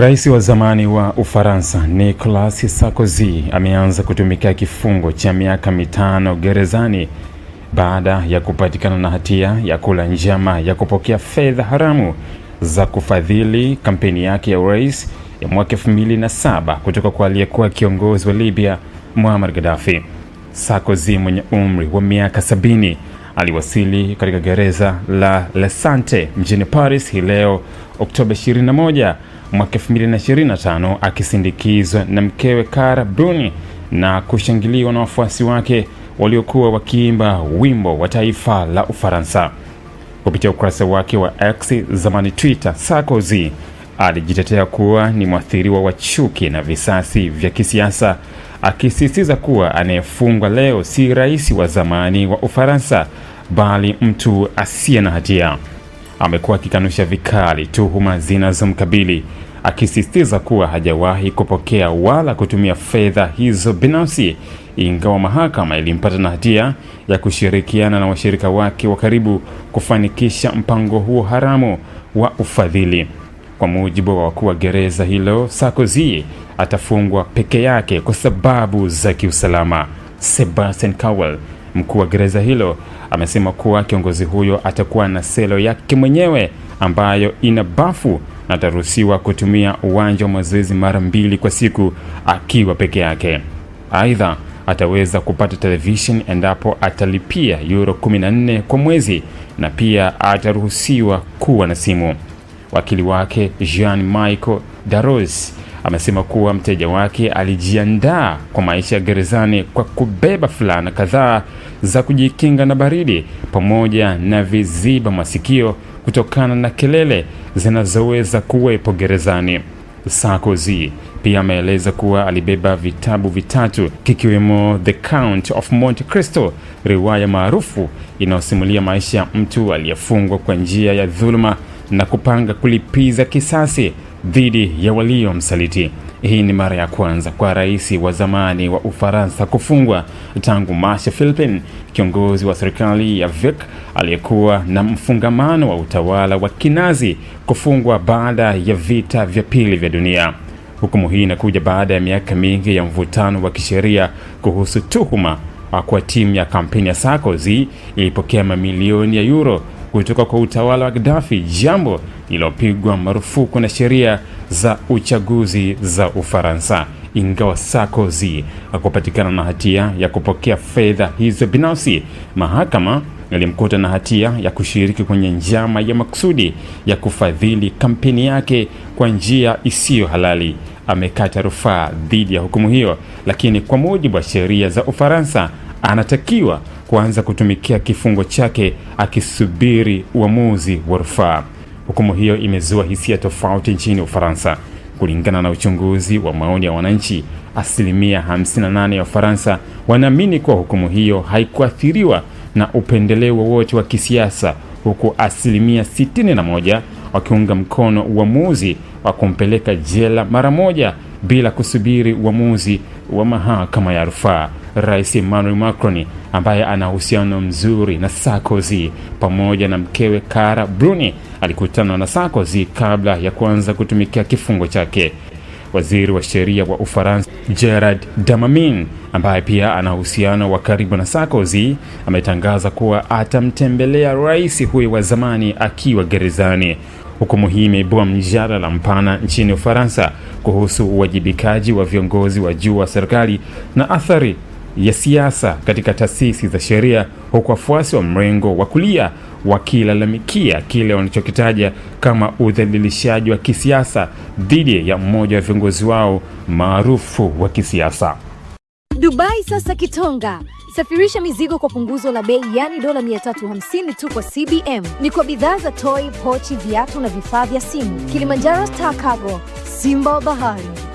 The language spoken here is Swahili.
Rais wa zamani wa Ufaransa Nicolas Sarkozy ameanza kutumikia kifungo cha miaka mitano gerezani baada ya kupatikana na hatia ya kula njama ya kupokea fedha haramu za kufadhili kampeni yake ya urais ya mwaka saba kutoka kwa aliyekuwa kiongozi wa Libya Muammar Gaddafi. Sarkozy mwenye umri wa miaka sabini aliwasili katika gereza la La Sante mjini Paris hii leo Oktoba 21 mwaka 2025 akisindikizwa na mkewe Cara Bruni na kushangiliwa na wafuasi wake waliokuwa wakiimba wimbo wa taifa la Ufaransa. Kupitia ukurasa wake wa X, zamani Twitter, Sarkozy alijitetea kuwa ni mwathiriwa wa chuki na visasi vya kisiasa, akisisitiza kuwa anayefungwa leo si rais wa zamani wa Ufaransa bali mtu asiye na hatia amekuwa akikanusha vikali tuhuma zinazomkabili akisisitiza kuwa hajawahi kupokea wala kutumia fedha hizo binafsi, ingawa mahakama ilimpata na hatia ya kushirikiana na washirika wake wa karibu kufanikisha mpango huo haramu wa ufadhili. Kwa mujibu wa wakuu wa gereza hilo, sakozi atafungwa peke yake kwa sababu za kiusalama. Sebastian Cowell Mkuu wa gereza hilo amesema kuwa kiongozi huyo atakuwa na selo yake mwenyewe ambayo ina bafu na ataruhusiwa kutumia uwanja wa mazoezi mara mbili kwa siku akiwa peke yake. Aidha, ataweza kupata television endapo atalipia euro 14 kwa mwezi na pia ataruhusiwa kuwa na simu. Wakili wake Jean Michael Darros amesema kuwa mteja wake alijiandaa kwa maisha ya gerezani kwa kubeba fulana kadhaa za kujikinga na baridi pamoja na viziba masikio kutokana na kelele zinazoweza kuwepo gerezani. Sarkozy pia ameeleza kuwa alibeba vitabu vitatu kikiwemo The Count of Monte Cristo, riwaya maarufu inayosimulia maisha ya mtu aliyefungwa kwa njia ya dhuluma na kupanga kulipiza kisasi dhidi ya waliomsaliti. Hii ni mara ya kwanza kwa rais wa zamani wa Ufaransa kufungwa tangu marsha Philipin, kiongozi wa serikali ya Vic aliyekuwa na mfungamano wa utawala wa Kinazi, kufungwa baada ya vita vya pili vya dunia. Hukumu hii inakuja baada ya miaka mingi ya mvutano wa kisheria kuhusu tuhuma kwa timu ya kampeni ya Sarkozy ilipokea mamilioni ya euro kutoka kwa utawala wa Gaddafi, jambo lililopigwa marufuku na sheria za uchaguzi za Ufaransa, ingawa Sarkozy hakupatikana na hatia ya kupokea fedha hizo binafsi. Mahakama ilimkuta na hatia ya kushiriki kwenye njama ya makusudi ya kufadhili kampeni yake kwa njia isiyo halali. Amekata rufaa dhidi ya hukumu hiyo, lakini kwa mujibu wa sheria za Ufaransa anatakiwa kuanza kutumikia kifungo chake akisubiri uamuzi wa rufaa. Hukumu hiyo imezua hisia tofauti nchini Ufaransa. Kulingana na uchunguzi wa maoni ya wananchi, asilimia 58 ya ufaransa wanaamini kuwa hukumu hiyo haikuathiriwa na upendeleo wowote wa kisiasa, huku asilimia 61 wakiunga mkono uamuzi wa kumpeleka jela mara moja bila kusubiri uamuzi wa mahakama ya rufaa. Rais Emmanuel Macron ambaye ana uhusiano mzuri na Sarkozy pamoja na mkewe Kara Bruni alikutana na Sarkozy kabla ya kuanza kutumikia kifungo chake. Waziri wa sheria wa Ufaransa Gerard Damamin ambaye pia ana uhusiano wa karibu na Sarkozy ametangaza kuwa atamtembelea rais huyo wa zamani akiwa gerezani. Hukumu hii imeibua mjadala mpana nchini Ufaransa kuhusu uwajibikaji wa viongozi wa juu wa serikali na athari ya siasa katika taasisi za sheria, huku wafuasi wa mrengo wa kulia wakilalamikia kile wanachokitaja kama udhalilishaji wa kisiasa dhidi ya mmoja wa viongozi wao maarufu wa kisiasa. Dubai sasa Kitonga. Safirisha mizigo kwa punguzo la bei, yani dola 350 tu kwa CBM. Ni kwa bidhaa za toy, pochi, viatu na vifaa vya simu. Kilimanjaro Star Cargo, Simba wa Bahari.